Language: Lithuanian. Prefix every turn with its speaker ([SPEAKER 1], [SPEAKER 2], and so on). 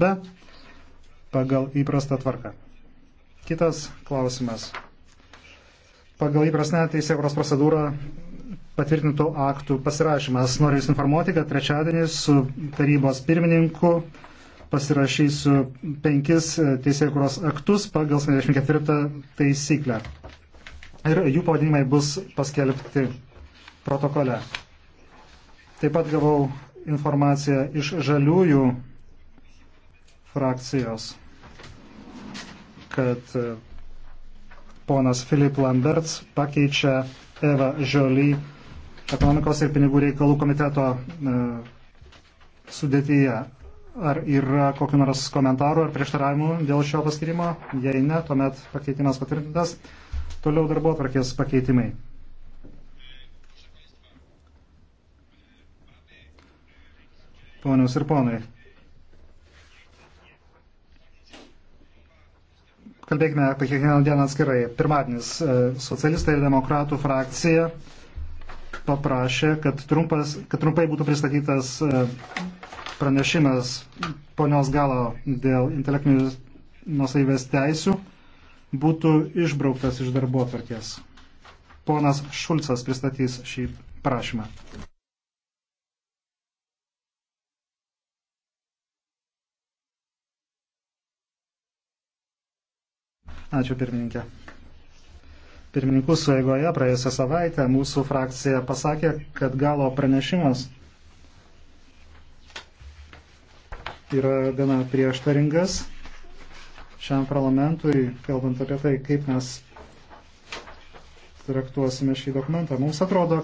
[SPEAKER 1] be pagal įprastą tvarką. Kitas klausimas. Pagal įprastą teisėkros procedūrą patvirtintų aktų pasirašymas. Noriu Jūs informuoti, kad trečiadienį su tarybos pirmininku pasirašysiu penkis teisėkros aktus pagal 74 taisyklę. Ir jų pavadinimai bus paskelbti protokole. Taip pat gavau informaciją iš žaliųjų frakcijos, kad e, ponas Filip Lamberts pakeičia Eva Žioly ekonomikos ir pinigų reikalų komiteto e, sudėtyje. Ar yra kokiu nors komentaru ar prieštaravimu dėl šio paskirimo? Jei ne, tuomet pakeitimas patvirtintas. Toliau darbo atvarkės pakeitimai. Ponios ir ponai, kalbėkime apie kiekvieną dieną atskirai. Pirmadienis e, socialistai ir demokratų frakcija paprašė, kad, trumpas, kad trumpai būtų pristatytas e, pranešimas ponios galo dėl intelektinių nusaivės teisių būtų išbrauktas iš darbo atvarkės. Ponas Šulcas pristatys šį prašymą. Ačiū pirmininkė. Pirmininkų sueigoje praėjusią savaitę mūsų frakcija pasakė, kad galo pranešimas yra gana prieštaringas šiam parlamentui, kalbant apie tai, kaip mes traktuosime šį dokumentą. Mums atrodo,